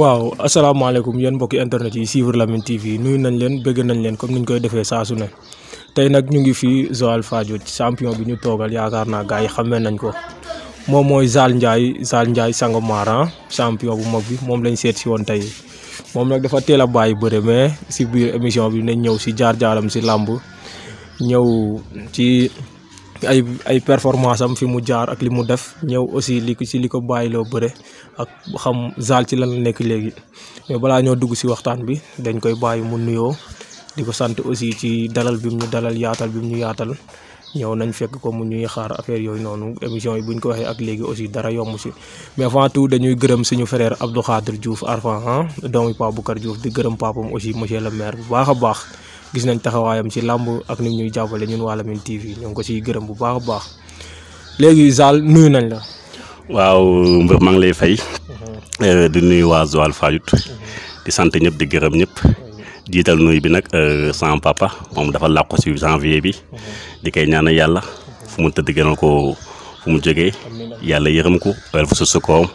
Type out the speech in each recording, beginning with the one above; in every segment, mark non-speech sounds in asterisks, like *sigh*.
waaw asalaamaaleykum yéen mbokki internet yi suivre Lamyn TV nuyu nañ leen bëgg nañ leen comme niñ koy defee saa su ne tey nag ñu ngi fii Joal Fadiouth champion bi ñu toogal yaakaar naa gars yi xamee nañ ko moom mooy Zal Ndiaye Zal Ndiaye Sangomar champion bu mag bi moom lañ seet si woon tey moom nag dafa teel a bàyyi bëre mais si biir émission bi nañ ñëw si jaar jaaram si làmb ñëw ci. ay ay performance am fi mu jaar ak li mu def ñëw aussi li ko si li ko bàyyiloo bëre ak xam Zal ci lan la nekk léegi mais balaa ñoo dugg si waxtaan bi dañ koy bàyyi mu nuyoo di ko sant aussi ci dalal bi mu dalal yaatal bi mu ñu yaatal ñëw nañ fekk ko mu ñuy xaar affaire yooyu noonu émission yi buñ ko waxee ak léegi aussi dara yomb si mais avant tout dañuy gërëm suñu frère Abdou Khadir Diouf Arfan ah doomu Pape Boucar Diouf di gërëm papam aussi monsieur le maire bu baax a gis nañ taxawaayam ci làmb ak ni ñuy jàppale ñun waa Lamyn TV ñoo ko ciy gërëm bu baax a baax léegi Zal nuyu nañ la. waaw mbër maa ngi lay fay. Mhm. Euh, di nuyu waa Joal Fadiouth. Mhm. di sant ñëpp di gërëm ñëpp. Mhm. jiital nuyu bi nag euh, sama papa moom dafa làqu ci janvier bi. di koy yàlla. mu tëdd gënal ko fu mu jógee. yàlla yërëm ko wala fu suuf ko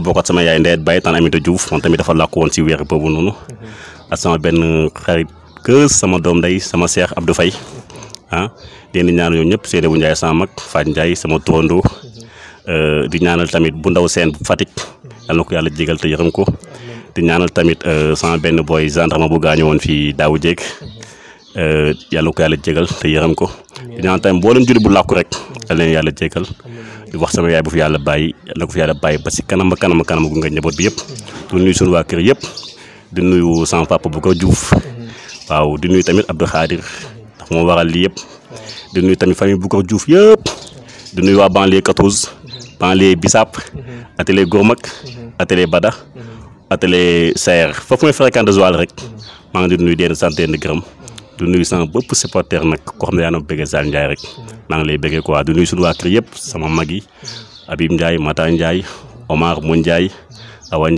bokkat sama yaay ndeyet bàyyi tan Amita Diouf moom tamit dafa làqu woon ci weer boobu noonu. ak sama benn xarit. keus sama doom day sama seex Abdou Faye ah leen di ñaanal ñoom ñëpp bu Ndiaye sama mag Fatou Ndiaye sama turandoo euh, di ñaanal tamit bu ndaw seen Fatick yal yàlla jégal te yërëm ko di tamit euh, sama benn booy gendarme bu gaañu woon fii daawu jéeg euh, yàlla ko yàlla jégal te yërëm ko di ñaanal tamit mboolem julli bu làkku rek yal leen yàlla jégal di wax sama yaay bu fi yàlla bàyyi yal na ko fi yàlla bàyyi ba si kanam a kanam a kanam bi yëpp di nuyu suñu waa kër yëpp di nuyu sama papa bu ko Diouf waaw di nuyu tamit Abdou Khadir ndax mo waral li yep di nuyu tamit famille ko djouf yëpp di nuyu wa banlieue 14 banlieue bisap atelier Gourmak atelier Bada atelier ser fofu mooy fréquent de zoal rek ma ngi di nuyu den sant de gram di nuyu sama bop supporter nak ko xamna ne daanoo bëggee Sall rek ma ngi lay bëggee quoi di nuyu suñu wa kër yëpp sama magi yi ndjay Mata ndjay Omar Moun ndjay Awa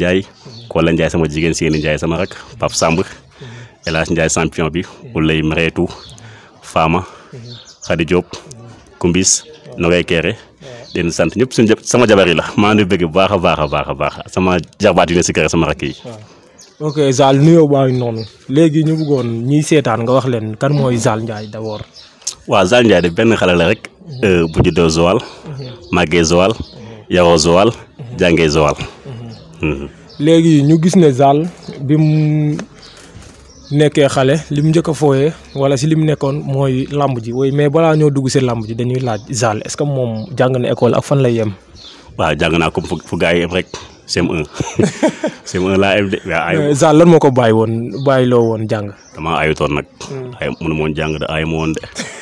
ko la ndjay sama jigen seen ndjay sama rak pap Samb El Hadj Ndiaye champion bi Ulay Mreetu Fama Khady Diop Kumbis Nogay Kéré den sant ñëpp suñu sama jabar yi la maa ngi bëgg bu baax a baax a baax a baax sama jarbaat yi ne si kër sama rakk yi. ok Zal nuyoo baa noonu léegi ñu bëggoon ñiy seetaan nga wax leen kan mooy saal Ndiaye d'abord. waaw Zal Ndiaye de benn xale rek mhm. euh, bu juddoo Joal mhm. màggee Joal yaroo Joal mhm. jàngee Joal. léegi ñu gis ne Zal bi nekkee xale li mu njëkk a wala si li mu nekkoon mooy làmb ji woy mais balaa ñoo dugg si làmb ji dañuy laaj Zal est-ce que moom jàng na école ak fan la yem. waaw jàng naa comme fu gars yi yem rek CM1 CM1 *laughs* laa yem de. waaw euh, Zal lan moo ko bàyyi woon bàyyiloo woon jàng. damaa ayutoon nag. Hmm. ay moon jàng de ay ma woon de. *laughs*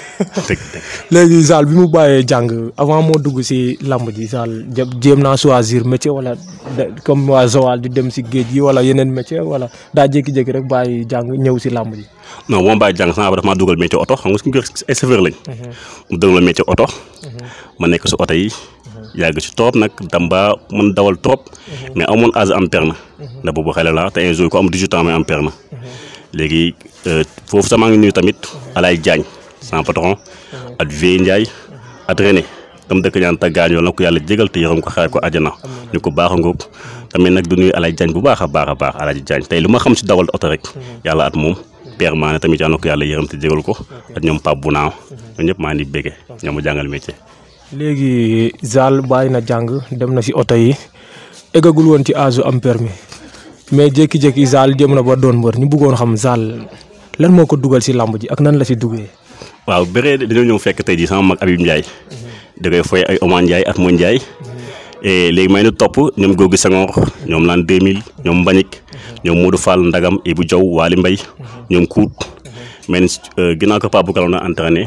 léegi Zal bi mu bàyyee jàng avant moo dugg si làmb ji Zal jéem naa choisir métier wala comme waa Joal di dem si géej gi wala yeneen métier wala daa jékki-jékki rek bàyyi jàng ñëw si làmb ji. non moom bàyyi jàng sama ba dugal métier oto xam nga suñu kër ay chauffeur mhm. mu dugal métier oto. Mhm. ma nekk si oto yi. Mhm. si trop nag damba mën dawal trop. mais amoon âge am perna. ndax boobu xale la te un ko am 18 ans mais am perna. léegi euh, foofu sama ngi nuyu tamit Alaay Diagne. sans patron at vie Ndiaye at René tam dëkk ñaan tàggaan yoon na ko yàlla jégal te yërëm ko xaar ko àjjana ñu ko baax a tamit nag du nuyu Alaaji Jaañ bu baax a baax a baax Alaaji Jaañ tey lu ma xam si dawal oto rek yàlla at moom père maa ne tamit yàlla na ko yàlla yërëm te jégal ko ak ñoom Pape bu naaw ñoom ñëpp maa jàngal métier. léegi Zal bàyyi na jàng dem na si oto yi eggagul woon ci âge am permis mais jékki-jékki Zal jëm na ba doon mbër ñu bëggoon xam Zal lan moo ko dugal si làmb ji ak nan la si duggee waaw béré dañoo ñëw fekk tey jii sama mag Habib Ndiaye da koy fooy ay Oman Ndiaye ak Moon Ndiaye e, léegi may nu topp ñoom Gorgui Senghor ñoom L'an 2000 ñoom Mbagnick ñoom Modou Fall Ndagam Ibou Diaw Waly Mbaye ñoom Kout mais e, ginnaaw ko Pape Boukalon a entraîné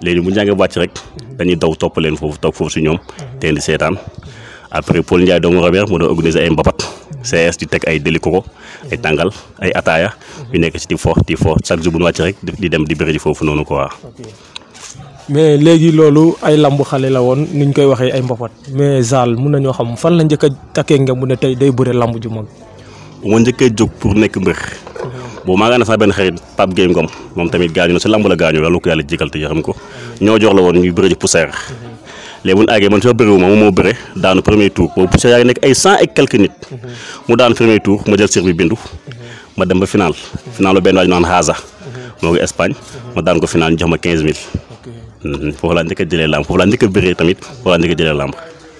léegi bu njàngee wàcc rek dañuy daw topp leen foofu toog foofu si ñoom te di seetaan après Paul Ndiaye doomu Robert moo doon organiser ay mbapat CS di teg ay deli koko ay tàngal ay ataaya yu nekk ci di fo di fo chaque jour bu ñu wàcc rek di dem di bëri ji foofu noonu quoi. mais léegi loolu ay lambu xale la woon ni ñu koy waxee ay mbapat mais Zal mun ñoo xam fan la njëkk a takkee nga mu ne tey day bëre lamb ju mag. ma njëkkee jóg pour nekk mbër. Mhm. boobu maa ngi ànd sax benn xarit Pape Gueye Ngom moom tamit gaañu na si lamb la gaañu la lu ko yàlla jégal te yaram ko ñoo jox la woon ñuy bëri ji léegi bu ñu àggee man fi ma ma moo bëre daanu premier tour boobu bu yaa ngi nekk ay cent et quelques nit mmh. mu daanu premier tour ma jël sir bindu mmh. ma dem ba final mmh. final la benn waaj naan Haza moo ngi Espagne daan ko final ñu jox ma quinze mille jëlee làmb foofu laa tamit foofu laa njëkk a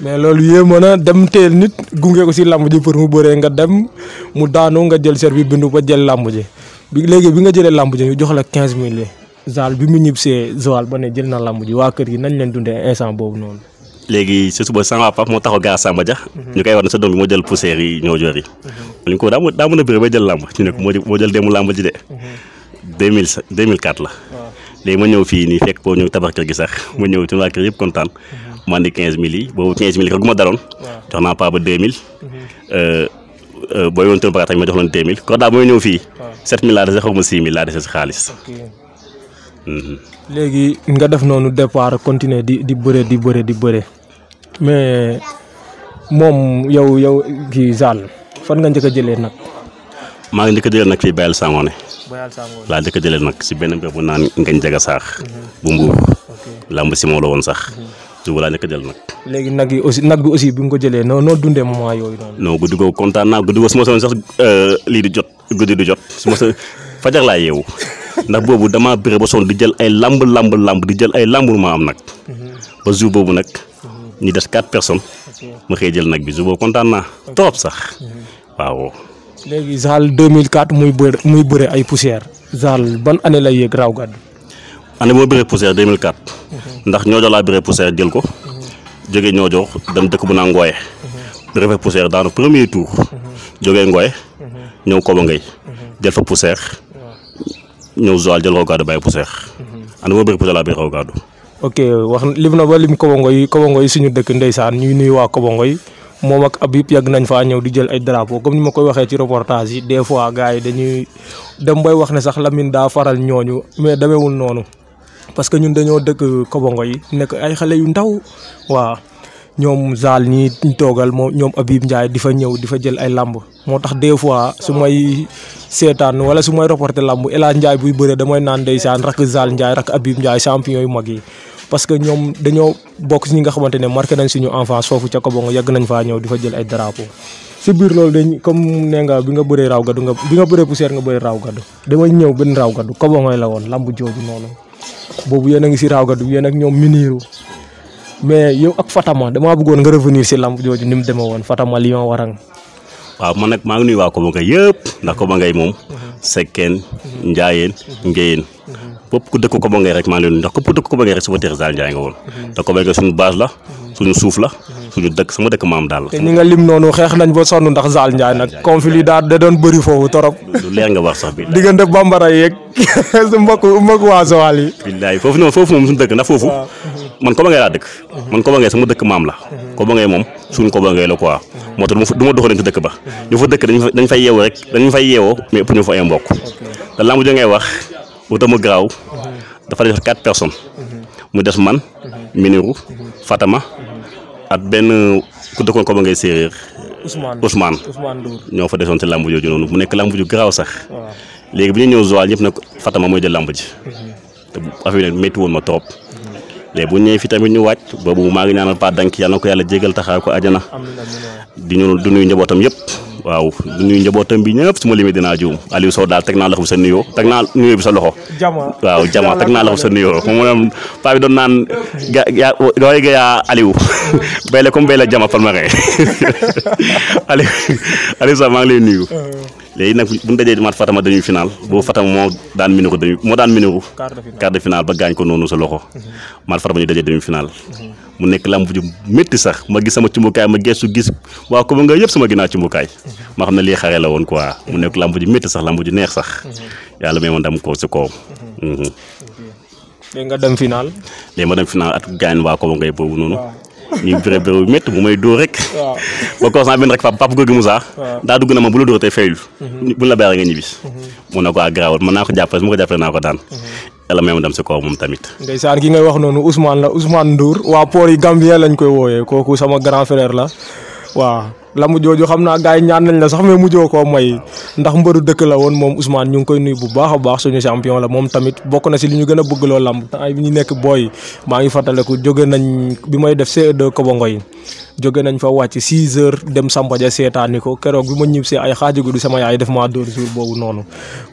mais loolu yéemoon na dem teel nit gunge ko si làmb ji pour mu bëree nga dem mu daanu nga jël sir bindu ba jël làmb ji bi léegi bi nga jëlee làmp ji jox la quinze mille Zal bi mu ñibbisee Joal ba ne jël na làmb ji waa kër gi nañ leen dundee instant boobu noonu. léegi si suba sama papa moo taxaw gaa Samba Dia. Mhm. ñu koy wax ne sa doom bi moo jël poussière yi ñoo joor yi. Mhm. ñu ko ne ko moo jël démb làmb ji de. 2000 mhm. 2004 la. léegi ma ñëw fii nii fekk boobu ñu tabax kër gi sax ma ñëw ci waa kër yëpp kontaan. ma andi 15000 yi boobu 15000 kër gu ma daloon. jox naa papa ba 2000. booy woon tënk ba tamit ma jox leen 2000 kon daal booy ñëw fii. 7000 laa dese Lagi nga def nonu départ continuer di di bëre di bëre di bëre mais mom yow yow kii Zal fan nga njëkk a jëlee nag. maa ngi njëkk a jëlee nag fii Bayal Sangone. Bayal Sangone si benn mbir bu naan ngañ jaga saax. bu lamb si moo la woon sax. jiw mhm. laa njëkk a jël nag. léegi nag yi aussi nag bi aussi bi nga ko jëlee noo noo dundee moment yooyu noonu. non guddi googu kontaan euh, di jot guddi jot su *laughs* fajar ndax boobu damaa bëre ba sonn di jël ay lamb lamb lamb di jël ay lambur ma am nag. ba jour boobu nag ñu des quatre personnes ma xëy jël nag bi jour boobu kontaan naa sax mhm. waaw. léegi Zal 2004 muy bëre muy bëre ay poussière Zal ban année lay yëg Raw Gàddu. année bi ma bëree mille 2004. Mhm. ndax ñoo jox laa bëree poussière jël ko. Mhm. jóge ñoo jox dem dëkk bu naa Ngoye. refet poussière daanu premier tour. jógee Ngoye ñëw Koba Ngay jël fa poussière. ñëw Joal jël ko kaddu bàyyi pour seex. ànd ma bëri wax lim na ba lim Kobongo yi Kobongo yi suñu dëkk ndeysaan ñuy nuyu waa Kobongo yi moom ak Habib yàgg nañ faa ñëw di jël ay drapeau comme ni ma koy waxee ci reportage yi des fois gars yi dañuy dem bay wax ne sax Lamine daa faral ñooñu mais demewul noonu parce que ñun dañoo dëkk Kobongo yi nekk ay xale yu ndaw waa ñoom Zal ñi ñu toogal moom ñoom Habib Ndiaye di fa ñëw di fa jël ay làmb moo tax des fois su may setan wala su may reporté lamb El Hadj Ndiaye buy bëre damay nan ndeysaan rak Zal Ndiaye rak Abib Ndiaye champion yu magi parce que ñom dañu bok ñi nga xamantene marqué nañ suñu enfance foofu ca Kobongo yag nañ faa ñew di jël ay drapeau ci bir lol dañ comme nee nga bi nga beure raw gadu nga bi nga beure poussière nga beure raw gadu damay ñew ben raw gaddu Kobongo la won lamb joju nonu bobu yéen a ngi si raw gadu yéen ak ñom miniru mais yow ak Fatama dama bëggoon nga revenir ci lamb joju nim mu Fatama Lion Warang waaw man nag maa ngi nuyu waa Koba Ngay yëpp ndax Koba Ngay moom mhm. sekkeen mhm. njaayeen mhm. ngéyeen bëpp ku dëkk Koba Ngay rek maa ngi leen ndax ku dëkk Koba Ngay rek sama terre Zal Ndiaye nga woon te Koba Ngay suñu base la suñu suuf la suñu dëkk sama dëkk maam daal te ñi nga lim noonu xeex nañ ba sonn ndax Zal Ndiaye nag conflit daa da doon bëri foofu torop lu leer nga wax sax bi diggante bambara yeeg *laughs* su mbokk mbokk waa Joal yi billaay foofu noonu foofu moom suñu dëkk ndax foofu man Koba Ngay laa dëkk man Koba Ngay sama dëkk maam la ko ba ngay moom suñ ko ba ngay la quoi moo tax du ma doxaleen ci dëkk ba ñu fa dëkk dañ fay yeewu rek dañ fay yeewoo mais ëpp ñu fa ay mbokk te lamb ngay wax utama garaaw dafa def quatre personnes mu des man mhm. Miniru mhm. Fatama ak benn ku dëkkoon ko ba ngay séeréer Ousmane Ousmane ñoo fa desoon ci lamb jooju noonu mu nekk lamb ju garaaw sax léegi bi ñu ñëw Joal ñëpp nag Fatama mooy jël lamb ji mhm. te affaire yi métti woon ma trop léegi bu ñëwee fi tamit ñu wàcc boobu maa ngi a Pa Dank yal na ko yàlla jégal taxaar ko àjjana di ñu du nuyu njabootam yëpp waaw du nuyu njabootam bi ñëpp su ma limee dinaa juum Aliou Sow daal teg naa loxo bi sa nuyoo teg naa nuyoo bi sa loxo waaw jama teg naa loxo bi sa nuyoo moom paa bi doon naan ga yaa waaye ga yaa Aliou *laughs* bay la comme bay la jama palmarin *laughs* Aliou Aliou Sow maa ngi lay nuyu euh. léegi nag bu ñu dajee maat Fatama dañuy final boobu Fatama moo daan minu moo daan minu ko quart de final ba gaañ ko sa loxo mhm. maat Fatama ñu dajee mhm. mu nekk lamb ju métti sax ma gis sama cumbukaay ma geesu gis waa ko ba nga yëpp sama ginnaaw cumbukaay mhm. ma xam ne lii xare la woon quoi mu nekk lamb ju métti sax lamb ju neex sax yàlla may ma ndam ko si kawam léegi nga dem final léegi ma dem final at gaañ waa ko ba ngay noonu ñu bëre bëre bu métti bu may dóor rek. waaw ba constant benn rek papa papa Gorgui Moussa. waaw daa dugg na ma bu la dóor tey fayul. Mhm. bu la bàyyi nga ñibbis. Mhm. mu ne ko ah garaawul mën naa ko jàppale su ma ko jàppale naa ko daan. Mhm. yàlla may ma dem si kaw moom tamit. ndeysaan ki ngay wax noonu Ousmane la Ousmane Ndour waa port yi Gambien lañ koy wooyee kooku sama grand frère la waaw. lamu jooju xam naa gars yi ñaan nañ la sax mais mujjoo koo may ndax mbëru dëkk la woon moom usmaan ñu ngi koy nuyu bu baax a baax suñu moom tamit bokk na si li ñu gën a bëgg loo lamb temps bi booy maa ngi fàttaliku jóge nañ bi may def CE2 Kobongo yi jóge nañ fa wàcc 6 heures dem Sambadia seetaani ko keroog bi ma ñib see ay xaaju guddi sama yaay def maa boobu noonu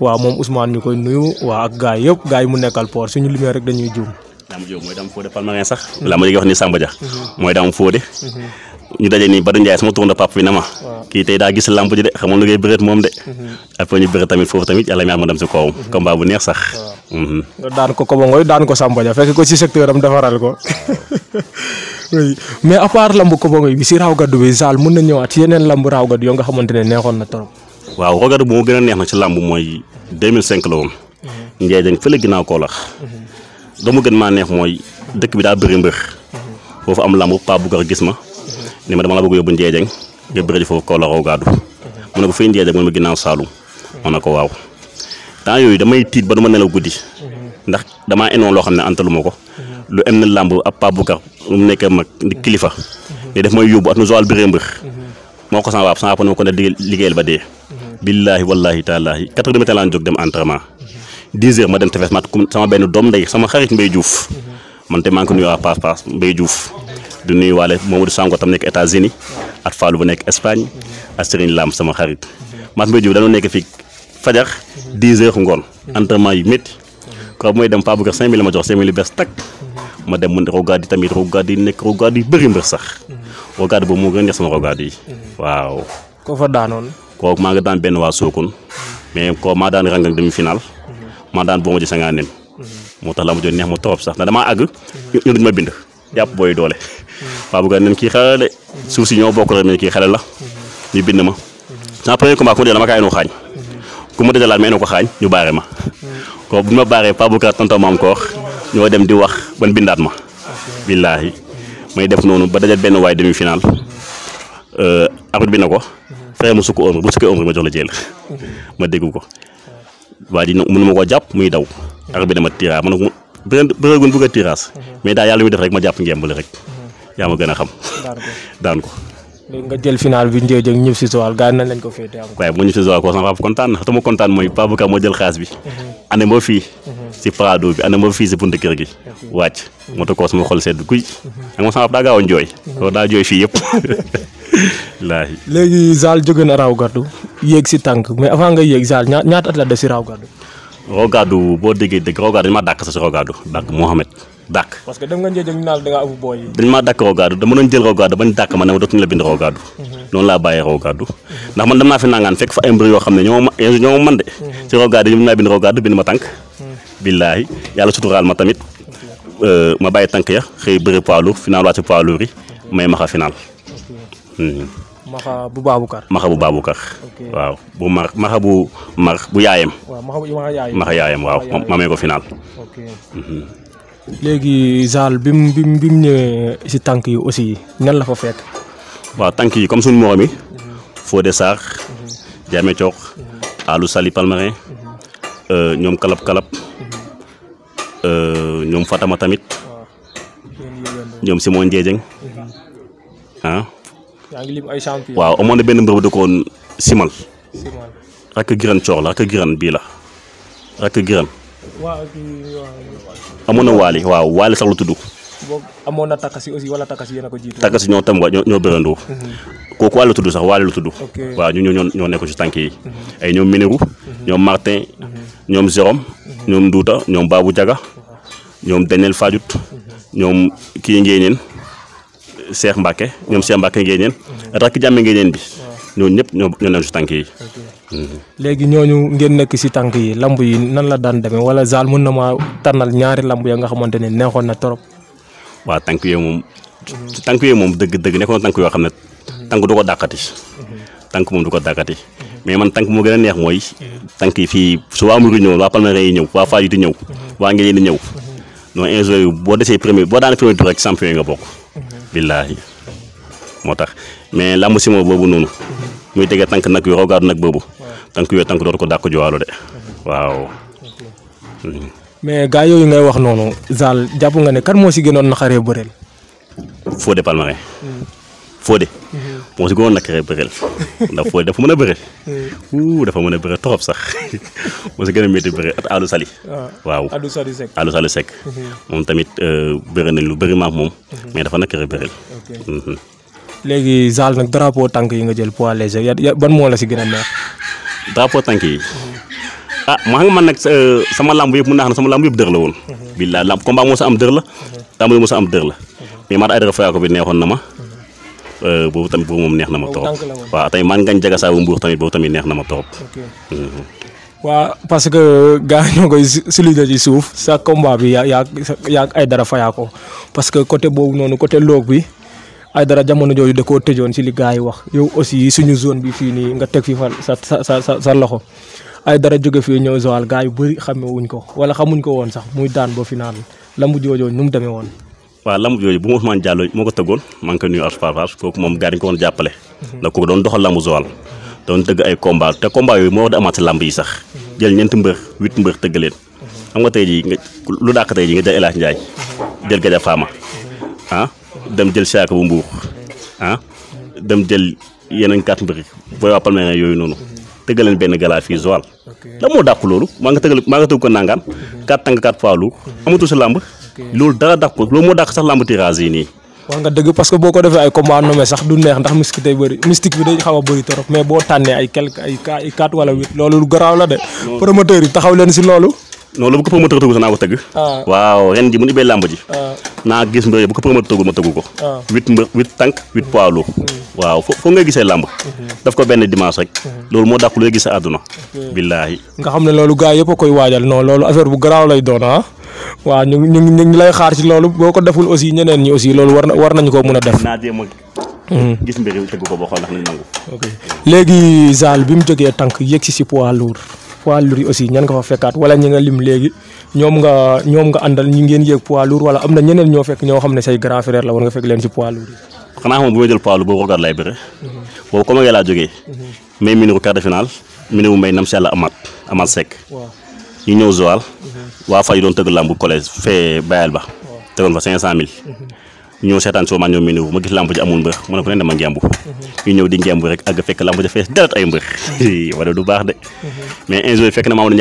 waaw moom Ousmane ñu koy nuyu waa ak gars yëpp gars yi mu nekkal port suñu limee rek dañuy juum. Lamb Diop mooy dam Fodé Palmarin sax. Lamb ji nga ni Sambadia. Mhm. mooy dam ñu dajé ni bari njaay sama tourna pap fi nama ki tay da gis lampu ji de xamul lu ngay bëreet mom de après ñu bëreet tamit fofu tamit yalla ñaan mo dem ci kawum combat bu neex sax hmm daan ko ko ngoy daan ko samba ja fekk ko ci secteur am defaral ko mais à part lamb ko ngoy bi ci raw gaddu bi sal mën na ñëwaat ci yeneen lamb raw gaddu yo nga xamantene neexon na torop waaw raw gaddu mo gëna neex na ci lamb moy 2005 la woon njaay dañ fele ginaaw ko lax do dama gën ma neex moy dëkk bi da bëri mbeur fofu am lamb pa bu gis ma ni ma dama la bëgg yóbbu Ndiédiène nga bëri foofu kaw la raw gaadu mu ne ko fay Ndiédiène mu ne ma ginnaaw Saalum ma ne ko waaw temps yooyu damay tiit ba du ma nelaw guddi ndax damaa enoon loo xam ne antalu ma ko lu em na làmb ab Pape Boucar mu nekk mag di kilifa ne daf may yóbbu at nu Joal bi dem entraînement ma dem tefes sama benn doom ndey sama xarit Mbaye Diouf man te maa ngi ko nuyuwaat paas paas Mbaye Diouf di nuyu walé Mamadou Sango tam nek États-Unis at fallu bu nek Espagne ak Serigne Lam sama xarit Mat Mbay Diouf dañu nek fi fajar 10 h ngoon entraînement yu metti ko moy dem Fabou 5000 ma jox 5000 bes tak ma dem mu rogaadi tamit rogaadi nek rogaadi beuri bëri sax rogaadi bo mo gën a sama rogaadi waaw ko fa daanoon ko ma nga daan ben wa sokun mais ko ma daan rangal demi final ma daan bo mo ci sangaa nem moo tax la ma joon neex ma top sax da dama ag ñu duñ ma bind yap boy doole Paa Bouga nen kii xale la de suuf si ñoo bokk rek ne kii xale la ñu bind ma sama premier combat ku ma dee dama kaa yéen xaañ ku ma dajalaat ma ko xaañ ñu baare ñoo dem di wax ban bindaat ma billaahi may def noonu ba dajal benn waay demi final euh, arbitre bi na ko fexe mu sukk ombre bu sukkee ombre ma jox la jël ma dégg ko waa ji nag mënu ma koo jàpp muy daw arbitre bi dama tiraa ma ne ko bëreegun bëgg a tiraas mais daal yàlla muy def rek ma jàpp ngemb rek yaa ma gën a xam. daan ko *laughs* léegi nga jël final bi njëriñ ak ñëpp si Joal gaañ nañ lañ ko féetee am. waaye bu ñu si Joal ko sama papa kontaan na sama kontaan mooy Papa a moo jël xaas bi. Mhm. ane ma fii. Mhm. si plateau bi ane ma fii si buntu kër gi. wàcc mhm. moo tax ko sama xol sedd guy. ak ma sama papa daa gaaw a jooy. loolu daa *laughs* yéeg si tànk mais avant nga yéeg Joal ñaata at la def si raw gàddu. raw boo déggee dëgg raw gàddu ma dàq si raw gàddu Mohamed dak parce que dem nga jëjëg ñu naal da nga boy dañ ma dak rogado, dama doon jël bañ dak ma ne dootuñ la bind raw non la baye raw ndax man dama fi nangaan fek fa ay yo xamne ñoo ñoo man de mhm. ci raw ñu bind bind ma tank mhm. billahi yalla sutural ma tamit euh ma baye tank ya xey beure final wati poids lourd may final hmm. maxa bu babukar maxa bu babukar waaw bu mar maxa bu mar bu yaayem waaw maxa bu maxa maxa yaayem waaw mamé ko final okay hmm léegi zal bim bim bim ñëwee si tank yi aussi nan la fa fekk wa tank yi comme sun moromi yi mhm. Fodé Sarr mhm. jame Thiok mhm. alu Sali Palmarin euh, ñom kalap kalap euh, ñom Fatama tamit ñom Simon djedjeng ah yaangi lim ay champion waaw amoon na benn mbër bu Simal Simal rak giran Thior la rak giran bi la rak giran waaw amoon na waali waaw waali sax la tudd. boobu amoon na takasi aussi wala takasi yéen a ko jiitu. takasi ñoo tam ñoo ñoo bërëndoo. Mhm. kooku waali la tudd sax waali la tudd. waaw ñu ñoo ñoo nekk ci tànk yi. Mhm. ay ñoom Mineru. Mhm. ñoom Martin. ñoom Jérôme. ñoom Nduuta ñoom Babou Diaga. ñoom Daniel Fadiouth. ñoom kii Ngéeneen. Cheikh Mbacke ñoom Cheikh Mbacke Ngéeneen. rakk jàmme Ngéeneen bi. ñoo ñëpp ñoo ñoo ci tànk yi. léegi ñooñu ngeen nekk si tànk yi lamb yi nan la daan demee wala zaal mën na maa tànnal ñaari lamb ya nga xamante ne neexoon na trop. waaw tànk yooyu moom. tànk yooyu moom dëgg dëgg nekkoon tànk yoo xam ne tànk du ko dàqati. tànk moom du ko dàqati. mais man tànk moo gën neex mooy. yi fii su waa Mouride ñëw waa Palmarin yi ñëw waa Fadiouth di ñëw. waa Ngéléni di ñëw. boo desee premier boo daan premier tour rek champion yi nga bokk. billaahi moo tax mais lamb si moom boobu noonu. muy tege tank nak yu rogaar nak bobu tank yu tank do ko dàkk jowalo de waaw mais gaa yooyu ngay wax noonu zal jàpp nga ne kan moo si gënoon naxaree bëreel Fodé Palmarin mm. Fodé mm-hmm. moo si gënoon naxaree beurel *laughs* da Fodé da fa a beurel mm. ou da fa a beurel trop sax *laughs* mo ci gëna metti beurel at alu Sali ah, waaw alu Sali sek. alu Sali sek. mom mm-hmm. tamit euh, bëri nañ lu bëri ma mom mm-hmm. mais dafa naxaree legi zal nak drapeau tank yi nga jël poids léger ya, ya ban mo la ci gëna neex. drapeau tank yi. ah maa nga man nak eh, sama lamb yëpp mu naa na sama lamb yëpp dër la won billah lamb combat mo sa am dër la. lamb mo sa am dër la. mais ma ay ay ko bi neexon na ma. Eh, bobu tamit boobu mom neex na ma top wa tay man gañ jaga sa bu mbuur tamit boobu tamit neex na ma top mhm. wa parce que gars ñoo celui de souf sa combat bi ya ya ay dara fayaa ko parce que côté bobu nonu côté log bi. ay dara jamono jooju da koo tëjoon ci li gars yi wax yow aussi suñu zone bi fii nii nga teg fi fa sa sa sa sa loxo Aidara jóge fii ñëw Joal gars yu bëri xamewuñ ko wala xamuñ ko woon sax muy daan ba final lambu joojooju nu mu demee woon. waaw lambu jooju bu ma Ousmane Diallo moo ko tëggoon maa ngi koy nuyu Asparvage kooku moom gars yi ko woon jàppale. ndax mhm. kooku doon doxal lambu Joal. doon tëgg ay combat te combat yooyu moo wax di amaat si lamb yi sax. Mhm. jël ñeenti mbër huit mbër leen. Mhm. xam nga tey jii nga lu dàq tey jii nga jël El Hadj Ndiaye jël Gaja Fama ah? dem jël saaka bu mbuur ah dem jël yeneen kat mbëri booy wàppal na yooyu nonu tëggal len ben gala fi zoal la mo dàq lolu ma nga tëggal ma nga tëgg ko nangam carte tang carte faalu amatu sa lamb lolu dara dàq lo mo moo sax lamb tirage ni wa nga deug parce que boko defé ay combat nomé sax du neex ndax mystique day beuri mystique bi day xawa beuri torop mais bo tanné ay quelque ay quatre wala 8 lolu lu graw la dé promoteur yi taxaw len ci lolu non lu ko promoteur tugu na ko teug waaw ren di mu ni be lamb ji na gis mbeur bu ko promoteur tugu ah. ah. ma tugu ko 8 ah. 8 tank 8 hmm. poids lourd hmm. waaw fo nga gisee lamb hmm. daf ko benn dimanche rek loolu moo dàq looy gis aduna billahi nga xam ne loolu gars yëpp koy waajal non loolu affaire bu garaaw lay doon ah waaw ñu ñu ñu lay xaar ci loolu boo ko deful aussi ñeneen ñi aussi loolu war war nañ ko mën a def naa jéem gis mbir yi tegu ko boo nañ nangu legi zal bi mu jógee tànk yëg si poids lourd yi aussi ñan nga fa fekkaat wala ñi nga lim léegi ñoom nga ñoom nga àndal ñi ngeen yéeg poids lourd am na ñeneen ñoo fekk ñoo xam ne say grand frère la war nga fekk leen si poids lourd yi. xanaa xam bu may jël poids lourd boobu Rogaar laay bëre. Mhm. boobu comme nga laa jógee. Mhm. may miniru quart de miniru may nam si yàlla amaat ñu ñëw Joal. Mhm. waa Faye doon tëgg làmbu collège fee Bayal ba. tegoon fa 500000. ñu ñëw seetaan soo maa ñoom mi niwu ma gis lamb ji amul mbër mu a ko leen a ngemb mhm. ñu ñëw di ngemb rek àgg fekk lamb ji fees dalat ay mbër mhm. wala du baax de mhm. mais un jour fekk na Mamadou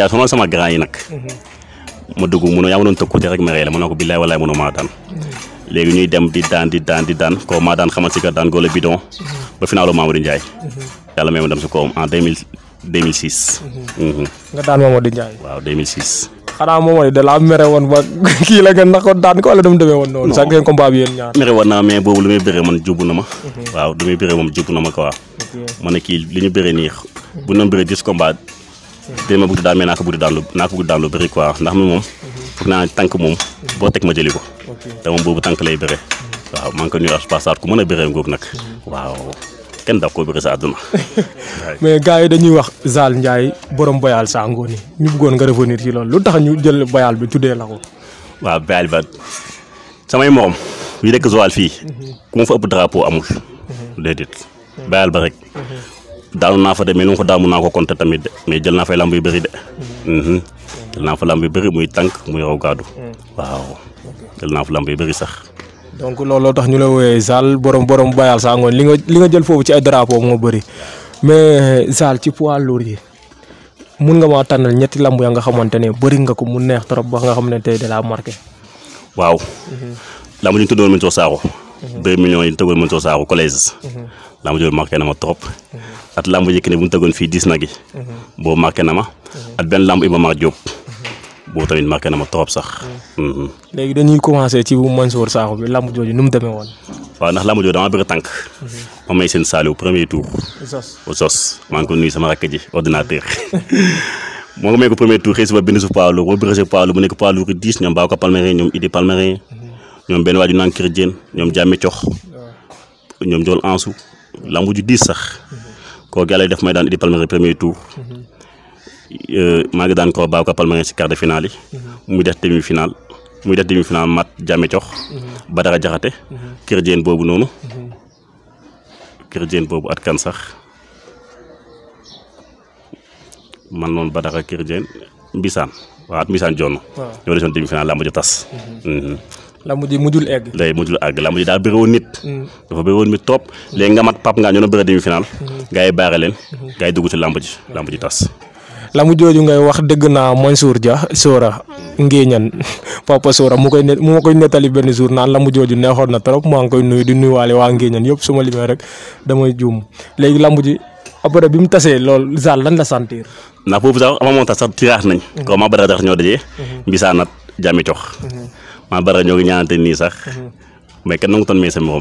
rek ma ree la ma ko billaay walaay mënu maa daan léegi ñuy dem di daan di daan di daan ko maa daan xamal si ka daan góole bidon ba finaalu Mamadou Ndiaye yàlla may ma dem si kawam en 2000 2006 nga xanaa moom a de la mere woon ba *laughs* kii la ngeen naxoon daan ko wala dama demee woon noonu. sax ngeen combat bi yéen mere woon naa mais boobu lu muy bëree man jubbu na ma. Mhm. waaw lu muy bëree moom ma quoi. ma kii li ñu bëree nii bu ñu doon bëree dix combat. te mhm. ma bëgg daan mais naa ko bëgg daan lu naa ko bëgg daan lu moom. Mhm. foog naa tànk moom boo teg ma jëli ko. te moom boobu tànk lay bëree. waaw maa ko nuyu as passaat ku mën a bëree ngóob nag waaw kenn daf koo bëri sa àdduna. *laughs* mais gars yi dañuy wax Zal Ndiaye borom Bayal saa ngoon yi ñu bëggoon nga revenir ci loolu lu tax ñu jël Bayal bi tuddee la ko. waaw Bayal ba samay morom yi dëkk Joal fii ku ma fa ëpp drapeau amul mhm. déedéet Bayal ba rek. daanu naa fa de mais nu ma ko daamu naa ko compter tamit de mais jël naa fay lamb yu bëri de. Mhm. Mhm. jël naa fa lamb yu bëri muy tànk muy raw waaw jël naa fa lamb yu bëri sax. donc loolu tax ñu la Zal borom borom bayal saa ngoon li nga li nga jël foofu ci ay drapeau moo bëri mais Zal ci poids lourd yi mun nga maa tànnal ñetti lamb ya nga xamante ne bëri nga ko mu neex trop ba nga xam ne tey da laa marqué. waaw. Mhm. lamb ñu tuddoon Mansour Sakho. 2 mhm. millions yi tëggoon Mansour Sakho collège. Mhm. lamb marqué na ma trop. at lamb Yékini bu ñu tëggoon fii 10 nag yi. boobu marqué na ma. at benn lamb Iba Diop bo tamit marqué na ma trop sax hmm. Hmm, hmm. légui dañuy commencé ci bu Mansour Sakho bi lamb joju num démé won wa nak lamb joju dama bëgg tank ma may sen salu premier tour au sos man ko nuy sama rakk ji ordinateur *laughs* *laughs* mo ngi may premier tour xéssu ba bindu su paalu boo bërëse paalu mu nek paalu ru 10 ñom baaw ko palmerin ñoom idi palmerin ñom ben waju naan kirjeen ñom jàmme ciox ñom jol ansu lamb ju 10 sax ko galay def may dan idi palmerin premier tour Eh, maa ngi daan ko baaw ko palmarin si quart de finale yi mhm. muy def demi finale muy def demi finale mat jame cox mhm. badara jaxate mhm. kër jeen bobu nonu kër jeen boobu at kan sax man non badara kër jeen mbisaan waaw at mbisaan ñoo desoon demi finale lamu ji tas di ji mujjul egg lay mudul egg lamu di da bëre won nit dafa bëre won mi top lé nga mat pap nga ñu na bëre demi finale gaay barelen, gaay duggu ci lamb ji lamb ji tass lamu jooju ngay wax dëgg naa Mansour Dia Sora Ngéeñan *laughs* papa Sora mu koy ne mu ma koy nettali benn jour naan lamu jooju neexoon na trop maa ngi koy nuyu di nuyuwaale waa Ngéeñan yëpp su ma limee rek damay juum léegi lamu ji après bi mu tasee lool Zal lan la sentir. ndax foofu sax ama moom tax sax tiraax nañ. ko mhm. ma bara tax ñoo dajee. Mhm. mbisaa nat jami cox. Mhm. maa bara ñoo ngi ñaanante nii sax. mais kenn nangu toon mais moom.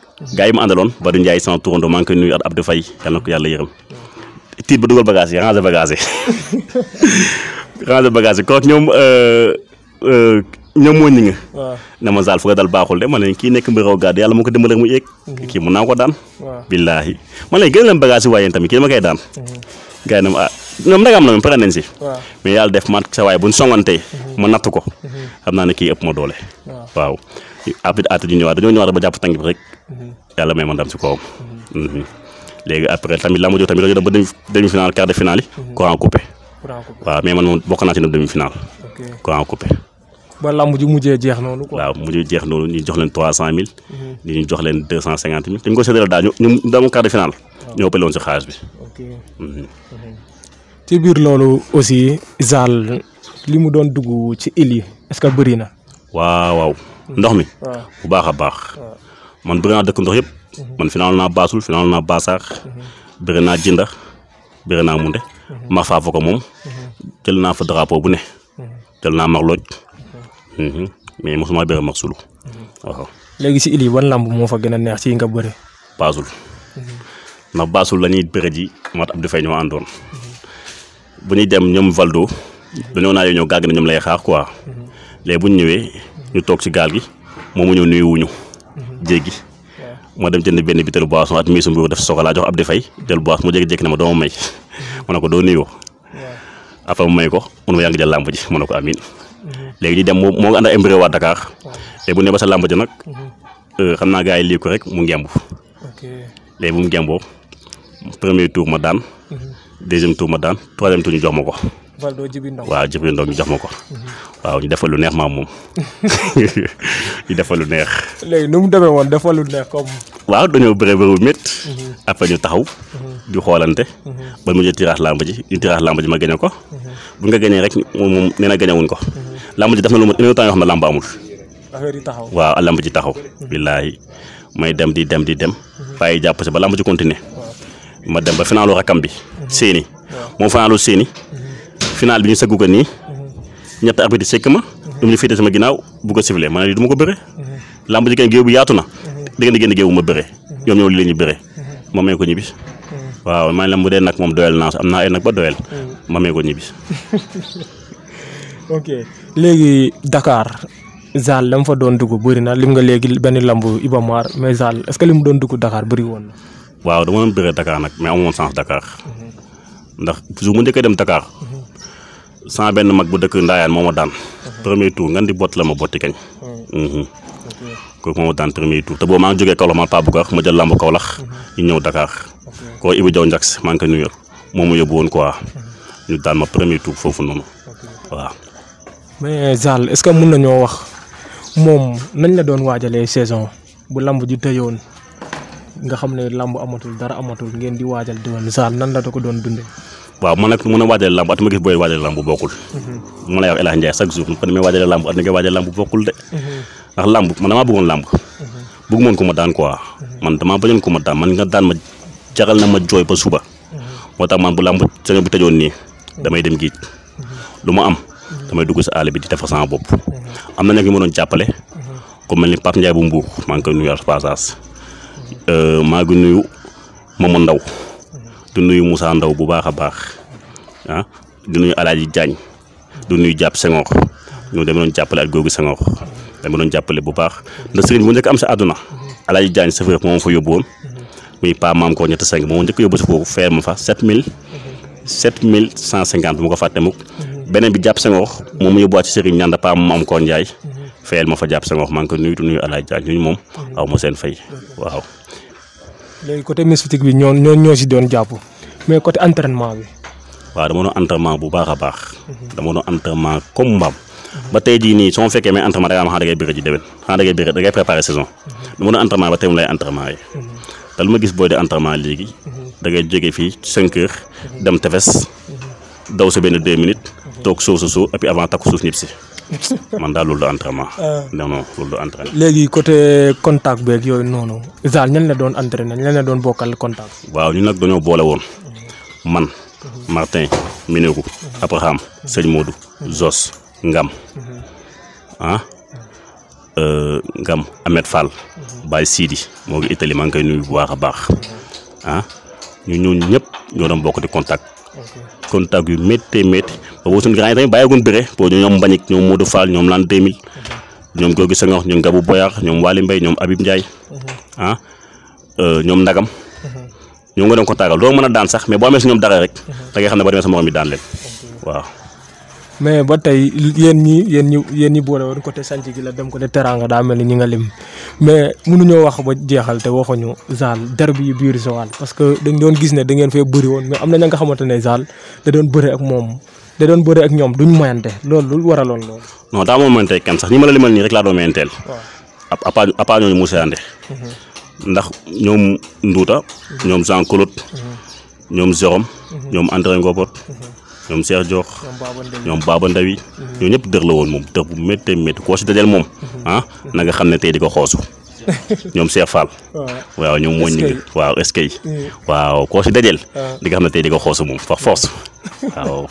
gaa yi mu àndaloon Badou Ndiaye sama turando maa ngi koy nuyu Abdou Faye yal na ko yàlla yërëm tiit ba dugal bagage yi ranger bagage yi *laughs* ranger bagage yi kooku ñoom euh, euh, ñoom moo ñu nga ne ma zaal fu ko dal baaxul de ma ne kii nekk mbir raw gàdd yàlla moo ko dimbale mu yéeg mm-hmm. kii mun naa ko daan billaahi ma ne gën leen bagage waaye tamit kii dama koy daan mm-hmm. gaa yi ne ma ah ñoom nag am na pare nañ si mais yàlla def mm-hmm. ma sa waaye buñ songantee ma natt ko xam naa ne kii ëpp ma après at ñu ñëwaat dañoo ñëwaat ba jàpp tànk bi rek mhm. yàlla may ma ndam si kawam. Mhm. Mhm. léegi après tamit laa ma jox tamit dañoo ba demi final quart de finale yi. courant coupé. waaw mais man moom bokk naa ci ba làmb ji mujjee jeex noonu quoi. mujjee jeex noonu ñu jox leen trois cent mille. ñu jox leen deux cent cinquante mille dañu ko séddale daal ñu ñu quart de finale. ñoo ëppale woon si xaalis bi. ci biir loolu aussi Zal li mu doon dugg ci île est-ce que bëri na. waaw waaw. ndox mi bu baax a baax man bëri naa dëkk ndox yëpp mhm. man final naa baasul final naa baasaax mhm. bëri naa jinda bëri naa munde mhm. ma faa fa ko moom jël naa fa drapeau bu ne jël naa mag looj mais mosuma bëri mag sulu léegi si il yi wan lamb moo fa gën a neex ci nga bëri baasul ndax baasul la ñuy bëri ji mat ab dafay ñoo àndoon bu ñuy dem ñoom Valdo dañoo naa yoo ñëw gàgg na ñoom lay xaar quoi léegi bu ñu ñëwee ñu toog ci gaal gi moom mu ñëw nuyuwuñu mhm. jéggi ma dem jënd benn bitéelu boisson at miisum bi def soxlaa jox ab di fay jël boisson mu jékki-jékki ne ma doo mhm. ma may ma a ko doo nuyoo après mu may ko mun ma yaa ngi jël làmb ji a ne ko amin mhm. léegi ñu dem moo moo ngi ànd ak imbré waa Dakar léegi bu ne ba sa làmb ji nag euh, xam naa gars yi lii ko rek mu ngemb léegi mu ngemboo premier tour ma daan deuxième tour ma daan troisième tour ñu jox ma ko Valdo Jibi Ndong waaw Jibi Ndong jox ma ko waaw ñu defal lu neex maam moom *laughs* ñu defal lu neex léegi nu mu demee woon defal lu neex comme waaw dañoo bëre bëru mét mhm. après ñu taxaw mhm. di xoolante mhm. ba mu jël tirage lamb ji ñu tirage lamb ji ma gagné ko bu nga gagné rek moom moom nee na gagné wuñ ko lamb ji def na lu mu une temps yoo xam ne lamb amul affaire yi taxaw waaw lamb ji taxaw billahi may dem di dem di dem bàyyi jàpp si ba lamb ji continuer ma dem ba finalu rakam bi seeni moo finalu seeni final bi ñu sëggu ko nii mhm. ñett arbitre sëkk ma du mhm. mu ñu féete sama ginnaaw bu ko sifle ma ne du ma ko bëre mhm. lamb ji géew bi yaatu na da ngeen géew bu ma bëre ñoom ñoo la ñu bëre ma may ko ñibbis waaw man la mu dee nag moom doyal naa am naa ay nag ba doyal ma may ko ñibbis *laughs* ok léegi Dakar Zal la mu fa doon dugg bëri na lim nga léegi benn lambu Iba Mar mais Zal est-ce que li mu doon dugg Dakar bëri woon na waaw dama doon bëree Dakar nag mais amoon sens Dakar ndax toujours mu njëkkee dem Dakar sama benn mag bu dëkk ndaayaan moo ma daan uh-huh. premier tour ngan di bot la ma botti kañ uh-huh. mhm. kooku moo ma daan premier tour te boobu maa ngi jógee Kaolack ma Pape Boucar ma jël lamb Kaolack uh-huh. ñu ñëw Dakar koo Ibi jaw Ndiaks maa ngi ko nuyu moom mu yóbbu woon quoi ñu daan ma premier tour foofu noonu waaw mais euh, Zal est ce que mun nañoo wax moom nañ la doon waajalee saison bu lamb ji tëyoon nga xam ne lamb amatul dara amatul ngeen di waajal diwoon Zal nan la da ko doon dundee waaw man nag mën a waajale lamb at ma gis booy waajale lamb bu bokkul ma lay wax El Hadj Ndiaye chaque jour man damay waajale lamb at na ngay waajale lamb bu bokkul de ndax lamb man damaa bëggoon lamb bëgg moon ko ma daan quoi man damaa bañoon ko ma daan man nga daan ma jagal na ma jooy ba suba moo tax man bu lamb sene bu tëjoon nii damay dem géej lu ma am damay dugg sa àll bi di defar sama bopp am na nag ñu ma doon jàppale ku mel ni Pape Ndiaye bu Mbour maa ngi koy nuyu passage euh, maa ngi nuyu Momo Ndaw du nuyu Moussa Ndaw bu baax a baax ah du nuyu Alaaji Jaañ du nuyu jàpp Senghor ñun dama doon jàppale at googu Senghor dama doon jàppale bu baax ndax sëriñ bu njëkk am sa àdduna Alaaji Jaañ sa fépp moom fa yóbbu woon muy pa maam ko ñetti seng moom njëkk yóbbu sa foofu feer ma fa 7000 7150 bu mu yóbbuwaat ci sëriñ ñanda pa maam ko Njaay ma fa jàpp Senghor maa ko nuyu du nuyu Alaaji Jaañ ñooñu moom aw seen fay waaw léegi côté mystique bi ñoo ñoo ñoo si doon jàpp mais côté entraînement bi. waaw dama doon entraînement bu baax a baax. dama doon entraînement comme mbaam. ba tey jii nii soo fekkee may entraînement da ngaa am xanaa da ngay bëre ji déwén xanaa da ngay bëre da ngay préparer saison. dama doon entraînement ba tey mu lay entraînement yi. te ma gis booy de entraînement léegi. da ngay jóge fii cinq heures. dem tefes daw sa benn 2 minutes. toog suuf sa suuf et puis avant takku suuf ñëpp si. man daal loolu du entraînement. Ah. non non loolu du entraînement. léegi côté contact beeg yooyu noonu. Zal ñan la doon entraîné ñan la doon bokkal contact. waaw ñu nag dañoo la woon man Martin Mineku Abraham Sëñ Modou Zos Ngam ah euh, Ngam Ahmed Fall Baye Sidi moo ngi Italie maa ngi koy nuyu bu baax a baax ah ñu doon bokk contact. contact yu méttee métti. boobu suñu grand yi tamit bàyyeegun bëre boobu ñoom Mbagnick ñoom Modou Fall ñoom Lan 2000 ñoom Gorgui Senghor ñoom Gabou Boyar ñoom Waly ñoom Habib Ndiaye mhm. ah, euh, ñoom Ndagam mhm. ñoom nga doon ko tàggal doo mën a daan sax mais boo amee si ñoom dara rek mhm. da xam ne ba demee sa morom bi daan leen waaw. mais ba tey yéen ñi yéen ñi yéen ñi boole woon côté sanc gi la dem côté teranga daa mel ni ñi nga lim mais mënuñoo wax ba jeexal te waxuñu Zal derbi yi biir Joal parce que doon gis ne da fee bëri woon mais am na ña nga xamante da doon bëri ak moom da doon bëre ak ñoom duñ moyante loolu lu waraloon loolu. non daa moom moyante kan sax ñi ma la limal nii rek laa doon moyanteel. waaw à part à part ñooñu mu seeyande. Mhm. ndax ñoom Nduuta. Mhm. ñoom Jean Claude. Mhm. ñoom Jérôme. ñoom André Ngopot. ñoom Cheikh Dior ñoom Baba Ndawi ñoo ñëpp dër la woon moom dër bu méttee métti koo si dajal moom ah na nga xam ne tey di xoosu *laughs* ñoom Cheikh Fall waaw ñoom mooñ waaw est waaw koo si dajal di xam ne tey di xoosu moom fa force *laughs* waaw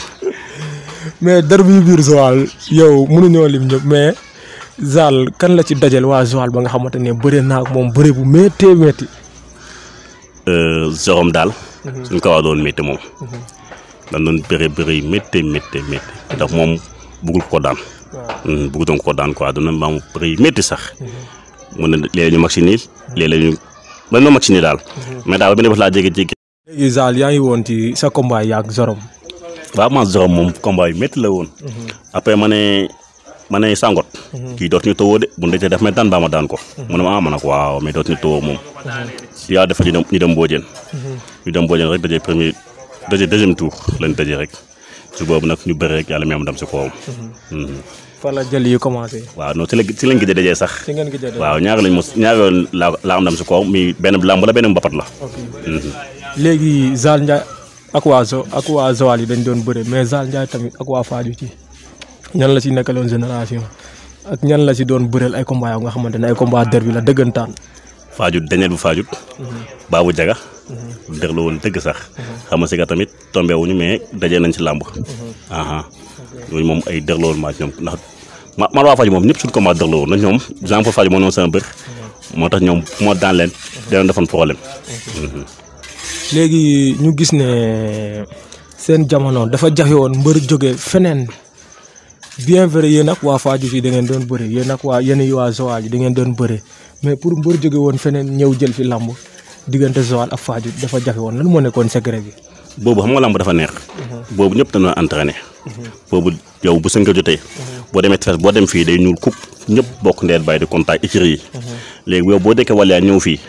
mais derby bi biir Joal yow mënuñoo lim ñëpp mais Zal kan la ci dajal waa Joal ba nga xamante ne bëree naa ak moom bëree bu méttee métti. Euh, Jérôme daal. Mhm. suñ ko wax doon métti moom. Mhm. dañ doon bëree bëree yu méttee méttee métti ndax moom bëggul ko daan. waaw mm, bëggutoon ko daan quoi dana maam bëree yu métti sax. Mhm. mu ne léeg ñu vacciné léeg-léeg ñu dañoo vacciné daal. mais daal benn bés laa jékki-jékki. léegi Zal yaa ngi woon ci sa combat yaag Jérôme. waaw man joxam moom combat yi metti la woon mhm. après mané mané sangot mhm. ki dot ñu towo de bu ndete def may tan baa ma daan ko mhm. mu ne ma ah ko waaw mais doot ñu tawoo moom ya def ñu dem ñu dem boojeen ñu dem boojeen rek dajé premier dajé deuxième tour lañ dajé rek ci bobu nak ñu bëri rek yalla mi am ci ko kawam fa la jël yu commencé waaw no ci la ci lañ gëj a sax waaw ñaar lañ mos ñaar la am dam ci ko mi benn lamb la benn mbapat la légui Zal Ndiaye ak waa zo ak waa Joal yi dañ doon bëre mais Zal Ndiaye tamit ak waa Fadiouth yi ñan la si nekkaloon génération ak ñan la si doon bëreel ay combat nga xamante ne ay combat derby la dëggantaan. Fadiouth dañeel bu Fadiouth. Mhm. Babou Diaga. Mhm. dër la woon dëgg sax. Mhm. xam nga si tamit tombé ñu mais daje nañ si làmb. ñooñu moom ay dër la woon maa ñoom ma man moom ñëpp suñu combat dër woon nag ñoom Jean Paul Fadiouth moo noonu sama bër. moo tax daan leen. dinañ defoon problème. léegi ñu gis ne seen jamono dafa jafe woon mbër jóge feneen bien vrai yéen nag waa Faajuf yi da ngeen doon bëre yéen nag waa yenn yi waa Joal yi da ngeen doon bëre mais pour mbër jóge woon feneen ñëw jël fi làmb diggante Joal ak Faajuf dafa jafe woon moo nekkoon secret bi. boobu xam nga làmb dafa neex. Mhm. boobu ñëpp dañoo entraîné. Mhm. boobu yow bu sën ko jotee. Mhm. boo demee tefes boo dem fii day ñuul kub ñëpp bokk ndeet bàyyi di contact écrit yi. léegi yow boo dëkkee wàll ñëw fii.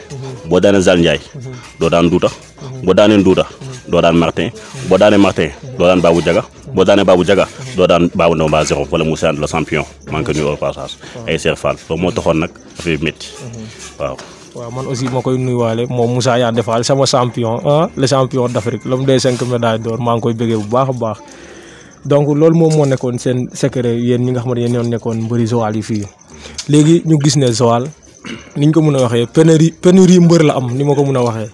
boo daanee Zal bo daane nduuda do daan martin bo daane martin do daan babu jaga bo daane babu jaga do daan babu ndaw mbaa zéro wala Moussa le champion man ko ñu au passage ay Cheikh Fall fo mo taxoon nak fi metti mhm. waaw wa man aussi mo koy nuy walé mo Moussa Yande defal sama champion hein le champion d'Afrique l'homme des 5 médailles d'or man koy bëggee bu baax baax donc lool moom mo nekkoon sen secret yeen ñi nga xam ñeen yéen ñoo nekkoon mbëri Joal yi fii léegi ñu gis né zoal niñ ko mëna waxé waxee pénurie pénurie mbër la am ni mako mëna waxé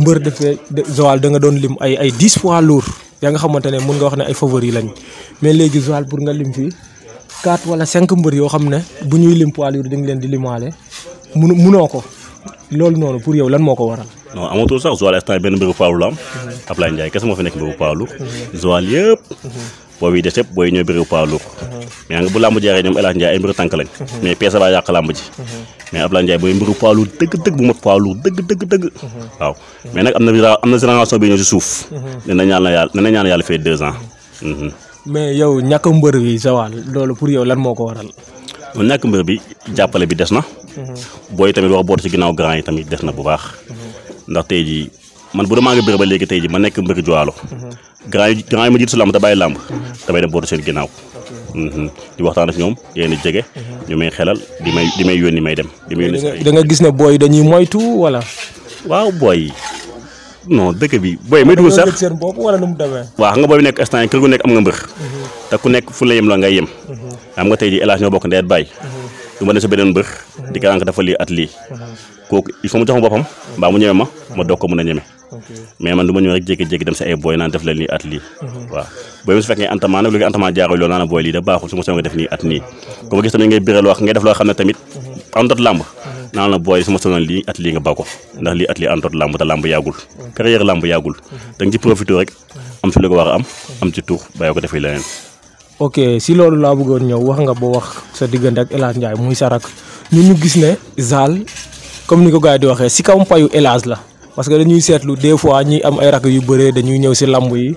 mbër dafee Joal da nga doon lim ay ay dix poids yaa nga xamante ne mun nga wax ne ay favori lañ mais léegi Joal pour nga lim fii quatre wala cinq mbër yoo xam ne bu ñuy lim poids lourd da leen di limaale mun munoo ko loolu noonu pour yow lan moo ko waral. non amatul sax Joal instant benn mbëru poids lourd la am. Mhm. Ablaye Ndiaye kese moo fi nekk mbëru poids lourd. Mhm. Joal yëpp. Mhm. boobu yi des yëpp booy ñoo bëriw poids lourd uh-huh. mais nga bu lamb jeexee ñom El Hadj ay mbiru tank lañ uh-huh. mais pièce ba yàq lamb ji uh-huh. mais Abdoulaye Ndiaye boy mbiru poids lourd deug dëgg bu mat poids lourd deug deug dëgg waaw mais nak amna amna génération bi ñoo ci souf dina ñaan la yalla dina ñaan yalla fay 2 ans mais yow ñak mbeur wi sawal lolu pour yow lan moko waral mu ñàkk mbeur bi jàppale bi desna boy tamit wax boot ci ginaaw grand yi tamit desna bu baax ndax tay ji man bu dama nga bëri ba légui tay ji ma nek mbeur juwaalo grand yi grand yi ma jiitu si làmb te bàyyi làmb damay dem bootu seen ginnaaw mhm. di a jege ñu may da nga gis ne booy dañuy moytu wala waaw booy non dëkk bi booy may dugg sax wala nu mu demee waaw xam nga booy bi nekk instant yi kër gu nekk am nga mbër mhm. te ku nekk fu la yem la ngay yem mhm. xam nga tey ji élage ñoo bokk ndeet bàyyi du ma ne sa beneen mbër di ko dafa lii at lii kooku il faut mu jox ma boppam mbaa mu ñeme ma ma doog ko mën a ñeme mais man duma ñu rek jékki-jékki dem sa ay booy naan def la ni at li waaw boy mu fekké fekkee antamaa lu ngi antamaa jaaro nana boy li da baxul suma ma sama def ni at ni ko ba gis tamit ngay birel wax ngay def lo xamné ne tamit antot lamb nan la boy suma ma li at li nga bako ndax li at lii antot lamb ta lamb yagul carrière lamb yagul da nga ci profité rek am fi lu ko wara am am ci tour bayo ko defi leneen ok si loolu laa bëggoon ñëw wax nga bo wax sa diggante ak El Hadj muy sarak ñu ñu gis ne Zal comme ni ko gaay di waxee si kaw payu El la parce que dañuy seetlu des fois ñi am ay rakk yu bëree dañuy ñëw si lamb yi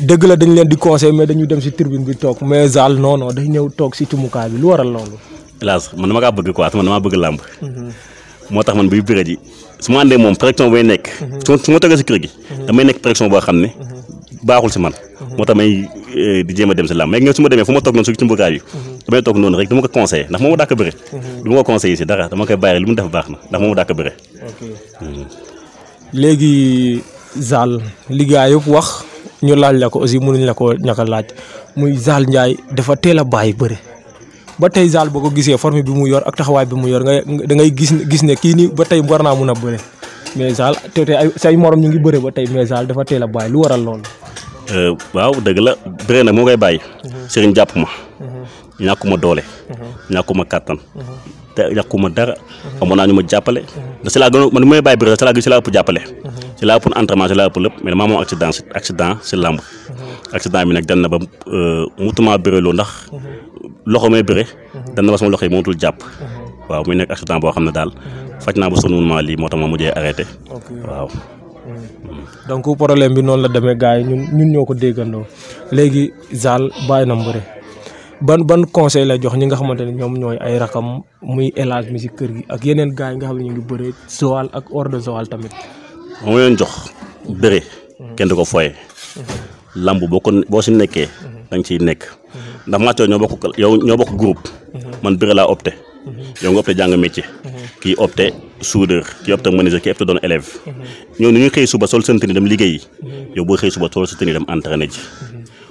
dëgg la dañ leen di conseil mais dañuy dem si tribune bi toog mais Zal non non ñëw toog si cumukaay bi damay mhm. mhm. eh, a mhm. toog noonu rek du ma ko conseillé ndax moom moo dàkk bëre. léegi Zal liggéeyub wax ñu laaj la ko aussi mënuñ la ko ñàkk laaj muy Zal Ndiaye dafa teel a bàyyi bëre ba tey Zal boo ko gisee forme bi mu yor ak taxawaay bi mu yor nga da ngay gis gis ne kii nii ba tey war naa mun a bëre mais Zal te tey ay say moroom ñu ngi bëre ba tey mais Zal dafa teel a bàyyi lu waral loolu. Euh, waaw dëgg la bëre nag moo ngay bàyyi. Mhm. sëriñ jàpp ma. Mhm. ñàkkuma doole. Mhm. ñàkkuma kàttan. te yàquma dara. amoon naa ñu ma jàppale. te si laa gën a man mi may bàyyi biir si laa gën si laa ëpp jàppale. si laa ëppoon entraînement si laa ëpp lépp mais damaa amoon accident si accident si làmb. accident bi nag dem na ba euh, mutuma béréloo ndax loxo may béré. dem na ba sama loxo yi mënatul jàpp. waaw muy nekk accident boo xam ne daal faj naa ba sonn ma lii moo tax ma mujjee arrêté. waaw. donc problème bi noonu la demee gars ñun ñoo ko déggandoo léegi Zal bàyyi na mbëre ban ban conseil la jox ñi nga xamante ne ñoom ñooy ay rakam muy El Hadj mi si kër gi ak yeneen gars yi nga xam ne ñu ngi bëre Joal ak hors de Joal tamit. moo leen jox bëre. Mhm. kenn du ko foyee. Mhm. lamb boo ko boo si nekkee. Mhm. da nga ciy nekk. ndax maa ñoo bokk yow ñoo bokk groupe. man bëre laa opté. yow nga opté jàng métier. kii opté soudeur kii opté menuisier kii opté doon élève. ñoo ni ñuy xëy suba sol seen tenue dem liggéeyi. yow boo xëy suba sol sa dem entraîné ji.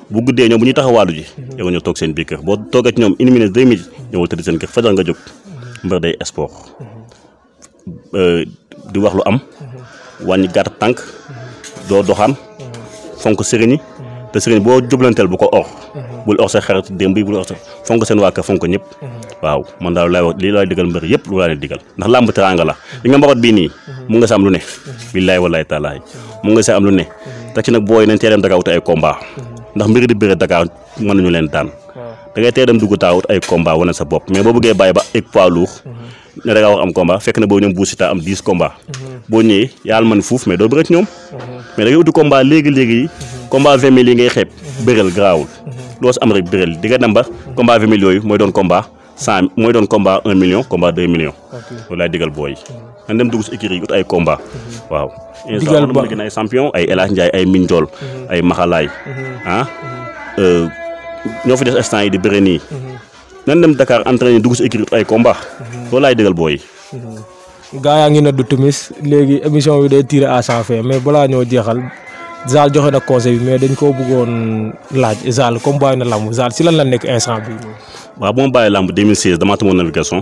bu guddé ñom bu ñuy taxawaalu ji mhm. yow ñu tok seen biir kër boo toogee ci une minute deux minutes ñëwal seen kër fajar nga jog mhm. mbër day mhm. euh di wax lu am wàññi gàtt tank do doxam fonk serigne te serigne bo jublantel bu ko or bul or sa xarit dem bi bul or sa fonk seen waa fonk ñep waaw man daal lay li lay digal mbër yep lu lay digal ndax lamb teranga la li nga mbabat bi ni mu nga si am lu ne billahi wallahi taala mu nga si am lu ne tak ci nak boy nañ ay combat ndax mbiri di bëre Dakar mën nañu leen daan. da ngay teel dem dugg taawut ay combat wane sa bopp mais boo bëggee bàyyi ba egg poids lourd. Mhm. ne da ngaa wax am combat fekk na boo ñoom buusita am dix combat. Mhm. boo ñëwee yàlla mën fuuf mais doo bëre ci ñoom. Mhm. mais da ngay uti combat léegi léegi. combat vingt mille yi ngay xeeb. bëreel garaawul. loo si am rek bëreel di dem ba. combat vingt mille yooyu mooy doon combat cent mooy doon combat un million combat deux na dem dugg si écurie yi ut ay combat mhm. waaw incha allah gën ay champion ay El Hadj Ndiaye ay Minjool mhm. ay Maxalaay mhm. ah euh, ñoo fi des instant yi si écurie ut ay combat loolu laay dëggal booy gaa yaa ngi noddu timis léegi émission bi day tiré à sa fin mais balaa ñoo jeexal Zal joxe na conseil bi mais dañ koo bëggoon laaj Zal comme bàyyi na làmb Zal si lan la nekk instant bi waaw bu bàyyi làmb damaa tumoon navigation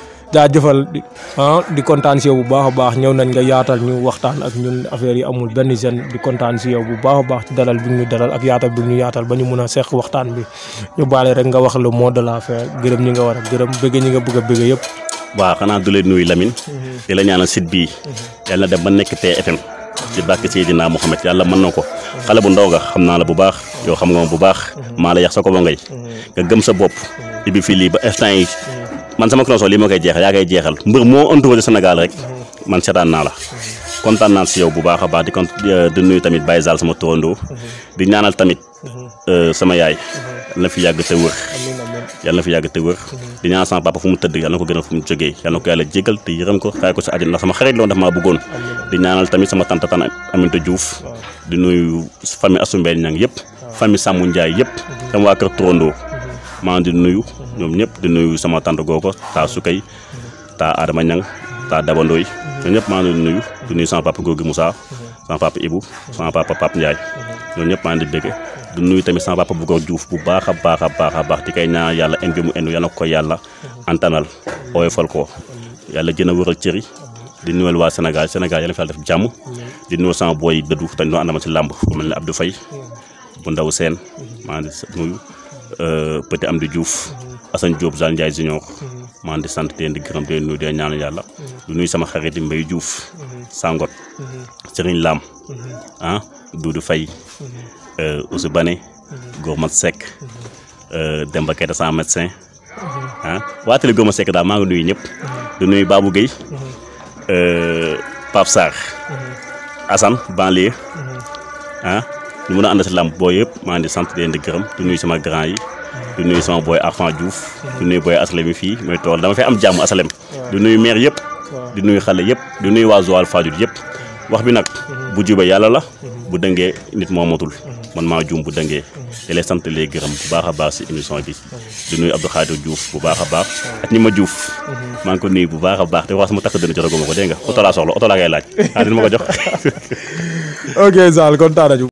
jaajëfal ah di contane si yow bu baax baax ñew nañ nga yaatal ñu waxtaan ak ñun affaire yi amul benn jeune di contane si yow bu baax baax ci dalal bi ñu dalal ak yaatal bi ñu yaatal bañu mëna mun waxtaan bi ñu balé rek nga wax le mot de la fin gërëm ñi nga wara gërëm bëgg ñi nga bëgg bëgg yëpp. wa xana du leen nuy Lamine. Mhm. di la ñaanal site bi mhm. yalla dem ba nekk té fm di bakki sayidina yalla man nako mhm. xale bu ndaw nga xamna la bu baax. yo xam nga bu baax. yax sa ko ngay. nga gëm sa bop ibi fii ba instant man sama closo li ma koy jeexal ya kay jeexal mbir moo ëntu wala senegal rek man setan na la kontaan naa ci yow bu baakha ba di kont de euh, nuyu tamit Baye Zal sama tondo di ñaanal tamit euh, sama yaay la fi yag te wër yalla na fi yag te wër di ñaan sama papa fu mu teud yalla na ko gënal fu mu joggé yalla ko yàlla jégal te yërëm ko xay ko ci adina sama xarit lo ndax ma bëggoon di ñaanal tamit sama tante tan Aminta Diouf di nuyu famille Assou Mbène Niang yëpp famille Samou Ndiaye yëpp sama kër tondo ma di nuyu ñom ñep di nuyu sama tante gogo ta sukay ta adama ñang ta ndoy ñom ñep ma ngi nuyu di nuyu sama papa gogi musa sama papa ibu sama papa pap ndiaye ñom ñep ma ngi bëgg di nuyu tamit sama papa bu ko juuf bu baaxa baaxa baaxa baax di kay na yalla en bi mu enu yàlla ko yàlla antanal fal ko yalla gëna wëral cëri di nuyu wa senegal senegal yalla fi def jamm di nuyu sama boy beddu tan do andama ci lamb ku melni abdou fay bu ndaw sen ma ngi nuyu euh, petit am di juuf Assane Diop Zane Ndiaye junior mhm. maa ngi di sant leen di gërëm di leen nuyu yàlla. Mhm. du nuyu sama xarit yi Mbaye Diouf. Mhm. Sangot. Serigne Lam. ah Doudou Faye. Euh, Ousseu Bane. Gourmat Seck. Euh, Demba Keita sama médecin. ah waa télé Gourmat daal maa ngi nuyu ñëpp. du nuyu Babou Gueye. Euh, Pape Sarr. Assane banlieue. Ah, mun a ànd si làmb boo yëpp maa ngi di sant leen di gërëm du nuyu sama grand yi. di nuyu sama boy afan Diouf di nuyu boy Aslem fi moy tol dama fay am jamm Aslem di nuyu mer yep di nuyu xalé yep di nuyu wa zoal fadjur yep wax bi nak mhm. bu djuba yalla la mhm. bu dëngee nit momatul mhm. man ma djum bu dëngee te lay sante lay gërëm bu baax baax ci émission bi di nuyu Abdou Khadir Diouf bu baax baax ak nima Diouf man ko nuyu bu baax baax te wax sama tak dënn jorogo ko dégg nga oto laa soxla oto laa ngay laaj ah dina jox *laughs* ok Zal kon nañu